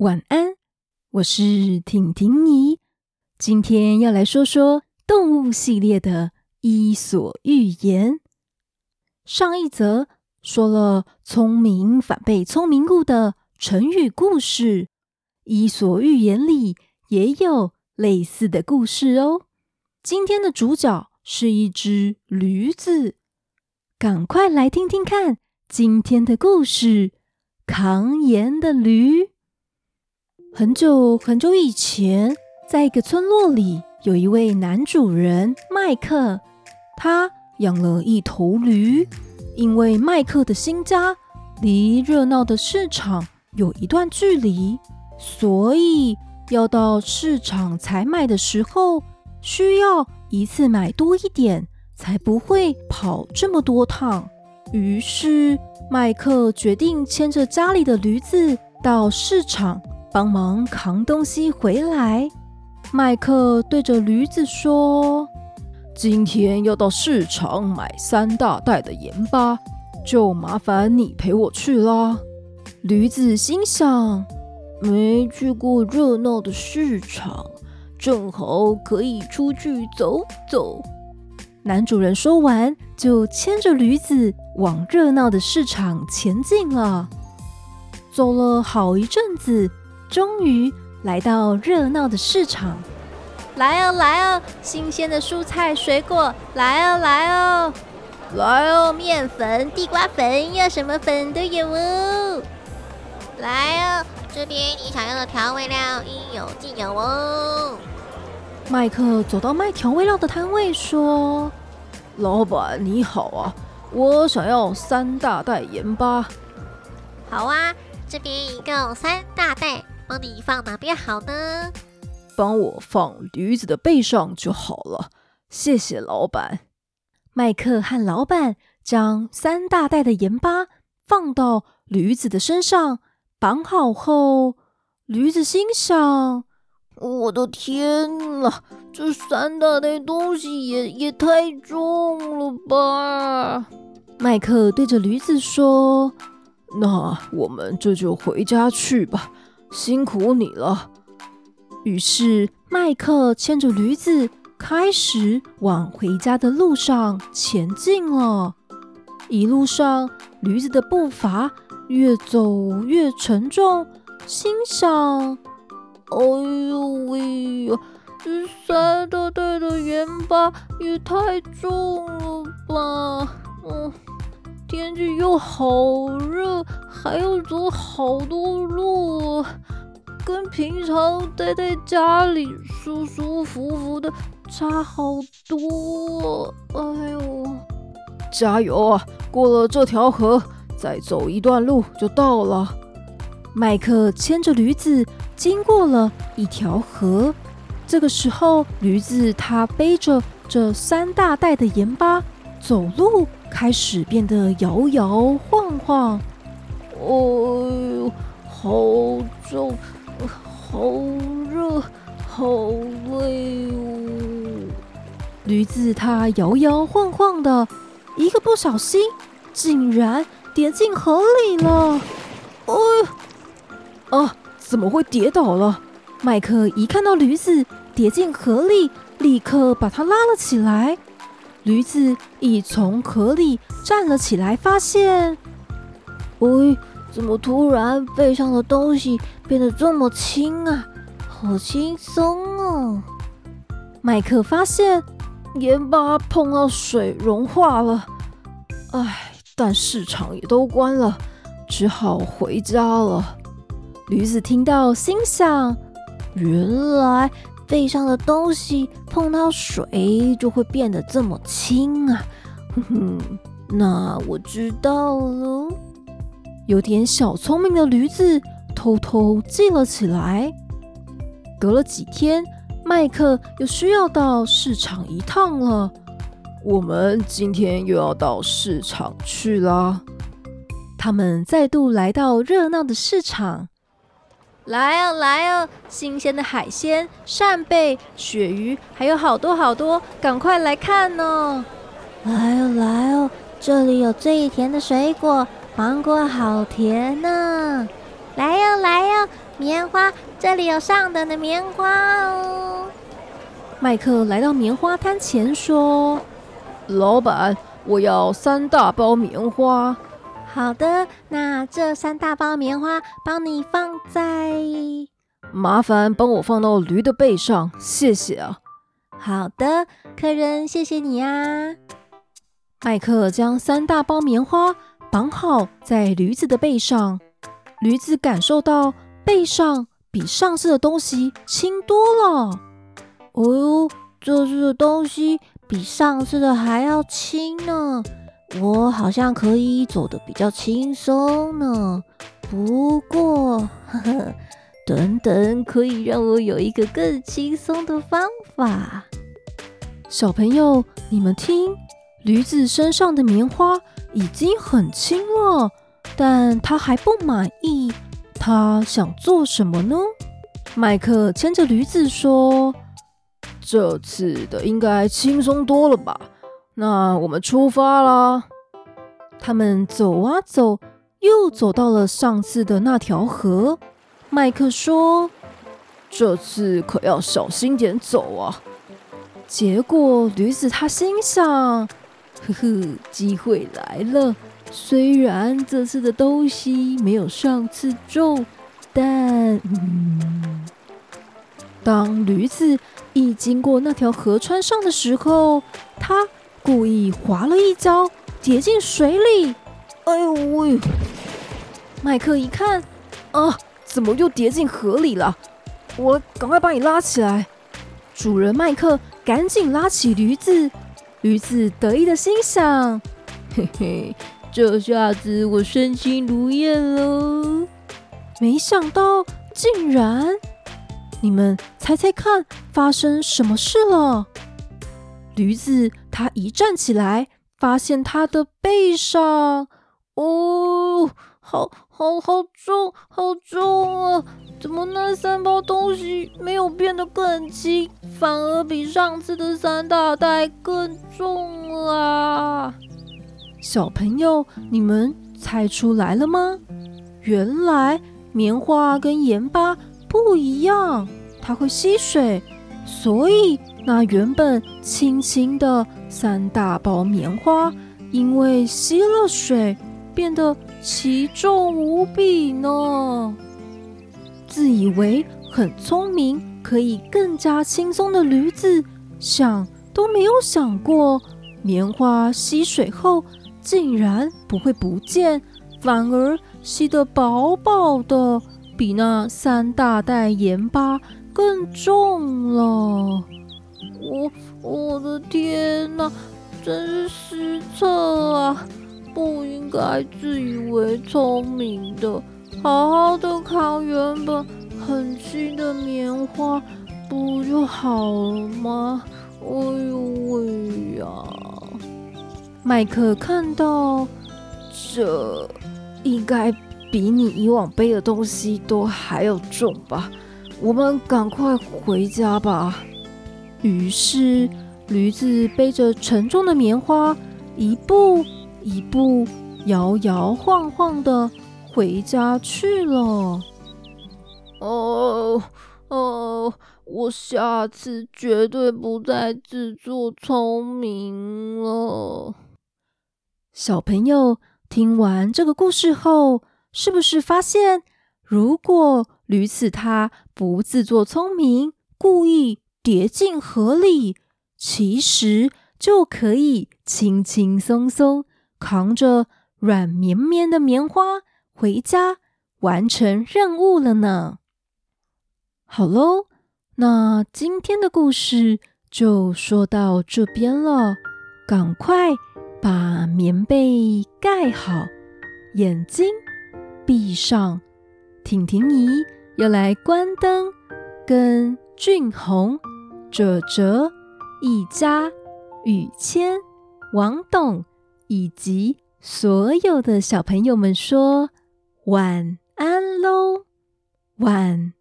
晚安，我是婷婷姨。今天要來說說動物系列的《伊索寓言》。上一則說了“聰明反被聰明誤”的成語故事，《伊索寓言》裡也有類似的故事哦。今天的主角是一只驢子，趕快來聽聽看今天的故事——扛鹽的驢。很久很久以前，在一個村落裡，有一位男主人麥克，他養了一頭驢。因為麥克的新家離熱鬧的市場有一段距離，所以要到市場採買的時候，需要一次買多一點，才不會跑這麼多趟。於是，麥克決定牽着家裡的驢子到市場。幫忙扛東西回來，麥克對着驢子說：“今天要到市場買三大袋的鹽巴，就麻煩你陪我去啦。”驢子心想：“沒去過熱鬧的市場，正好可以出去走走。”男主人說完，就牽着驢子往熱鬧的市場前進了。走了好一陣子，終於來到熱鬧的市場，來哦來哦，新鮮的蔬菜水果，來哦來哦，來哦，麵粉、地瓜粉要什麼粉都有哦。來哦，這邊你想要的調味料應有盡有哦。麥克走到賣調味料的攤位，說：“老板你好啊，我想要三大袋鹽巴。”“好啊，這邊一共三大袋。”幫你放哪邊好呢？幫我放驢子的背上就好了。謝謝老闆。麥克和老闆將三大袋的鹽巴放到驢子的身上，綁好後，驢子心想：“我的天了，這三大袋東西也也太重了吧！”麥克對着驢子說：“那我們這就回家去吧。”辛苦你了。於是，麥克牽着驢子開始往回家的路上前進了。一路上，驢子的步伐越走越沉重，心想：“哎呦喂、哎、這三大袋的鹽巴也太重了吧！”嗯。天氣又好熱，還要走好多路啊，跟平常待在家裡舒舒服服的差好多啊。哎呦，加油啊！過了這條河，再走一段路就到了。麥克牽着驢子經過了一條河，這個時候，驢子它背着這三大袋的鹽巴走路。開始變得搖搖晃晃，哦呦，好重，好熱，好累哦！驢子它搖搖晃晃的，一個不小心，竟然跌進河裡了。哦，啊，怎麼會跌倒了？麥克一看到驢子跌進河裡，立刻把它拉了起來。驢子一從殼裡站了起來，發現，喂、哎，怎麼突然背上的東西變得這麼輕啊？好輕鬆哦、啊！麥克發現鹽巴碰到水融化了，唉，但市場也都關了，只好回家了。驢子聽到，心想：原來。背上的東西碰到水就會變得這麼輕啊！哼哼，那我知道了。有點小聰明的驢子偷偷記了起來。隔了幾天，麥克又需要到市場一趟了。我們今天又要到市場去啦！他們再度來到熱鬧的市場。來哦，來哦！新鮮的海鮮，扇貝、鱈魚，還有好多好多，趕快來看哦！來哦，來哦！這裡有最甜的水果，芒果好甜呢！哦！來哦，來哦！棉花，這裡有上等的棉花哦。麥克來到棉花攤前，說：“老板，我要三大包棉花。”好的，那這三大包棉花幫你放在，麻煩幫我放到驢的背上，謝謝啊。好的，客人，謝謝你啊。艾克將三大包棉花綁好在驢子的背上，驢子感受到背上比上次的東西輕多了。哦喲，這次的東西比上次的還要輕呢。我好像可以走得比較輕鬆呢，不過，呵呵，等等，可以讓我有一個更輕鬆的方法。小朋友，你們聽，驢子身上的棉花已經很輕了，但它還不滿意，它想做什麼呢？麥克牽着驢子說：“這次的應該輕鬆多了吧。”那我們出發啦。他們走啊走，又走到了上次的那條河。麥克說：“這次可要小心點走啊。”結果驢子他心想：“呵呵，機會來了。雖然這次的東西沒有上次重，但、嗯、當驢子一經過那條河川上的時候，他。”故意滑了一跤，跌進水裡。哎呦喂！麥克一看，啊，怎麼又跌進河裡了？我趕快把你拉起來。主人麥克趕緊拉起驢子，驢子得意地心想：嘿嘿，這下子我身輕如燕了。沒想到，竟然……你們猜猜看，發生什麼事了？驢子，它一站起來，發現它的背上哦，好好好重，好重啊！怎麼那三包東西沒有變得更輕，反而比上次的三大袋更重啊？小朋友，你們猜出來了嗎？原來棉花跟鹽巴不一樣，它會吸水，所以。那原本輕輕的三大包棉花，因為吸了水，變得奇重無比呢。自以為很聰明，可以更加輕鬆的驢子，想都沒有想過，棉花吸水後，竟然不會不見，反而吸得飽飽的，比那三大袋鹽巴更重了。我我的天哪、啊，真是失策啊！不應該自以為聰明的，好好的扛原本很輕的棉花，不就好了嗎？哎呦喂、哎、呀！麥克看到這，應該比你以往背的東西都還要重吧？我們趕快回家吧。於是，驢子背着沉重的棉花，一步一步搖搖晃晃地回家去了。哦哦，我下次絕對不再自作聰明了。小朋友，聽完這個故事後，是不是發現，如果驢子它不自作聰明，故意跌進河裡，其實就可以輕輕鬆鬆扛着軟綿綿的棉花回家，完成任務了呢。好嘍，那今天的故事就說到這邊了。趕快把棉被蓋好，眼睛閉上，婷婷姨要來關燈，跟駿宏、哲哲、逸家、宇謙、王董以及所有的小朋友們說晚安嘍，晚。